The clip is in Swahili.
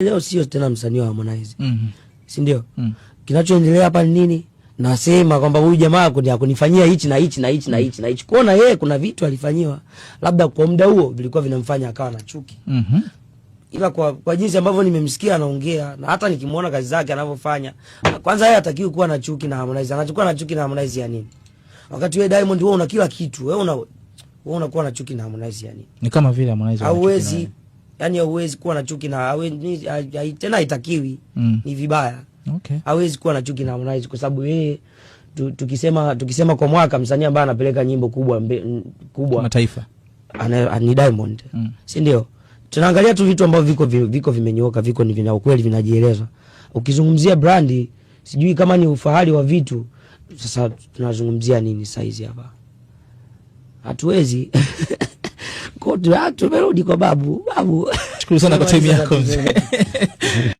Leo sio tena msanii wa Harmonize. Mhm. Mm si ndio? Mm. Kinachoendelea hapa ni nini? Nasema kwamba huyu jamaa kuni akunifanyia hichi na hichi na hichi na mhm. hichi na hichi. Kuona yeye kuna vitu alifanyiwa labda kwa muda huo vilikuwa vinamfanya akawa na chuki. Mhm. Mm ila kwa, kwa jinsi ambavyo nimemsikia anaongea na hata nikimuona kazi zake anavyofanya, kwanza yeye hatakiwi kuwa na chuki na Harmonize. Anachukua na chuki na Harmonize ya nini? Wakati wewe Diamond, wewe una kila kitu, wewe una wewe unakuwa na chuki na Harmonize ya nini? Ni kama vile Harmonize hauwezi yani hauwezi kuwa na chuki na tena, haitakiwi mm. Ni vibaya okay. Hawezi kuwa na chuki na Harmonize kwa sababu yeye tu, tukisema tukisema kwa mwaka msanii ambaye anapeleka nyimbo kubwa mbe, kubwa mataifa ni Diamond mm. si ndio? Tunaangalia tu vitu ambavyo viko viko vimenyooka viko ni vina ukweli vinajieleza. Ukizungumzia brandi, sijui kama ni ufahari wa vitu, sasa tunazungumzia nini saizi hapa? Hatuwezi tumerudi kwa babu. Babu, shukuru sana kwa time yako mzee.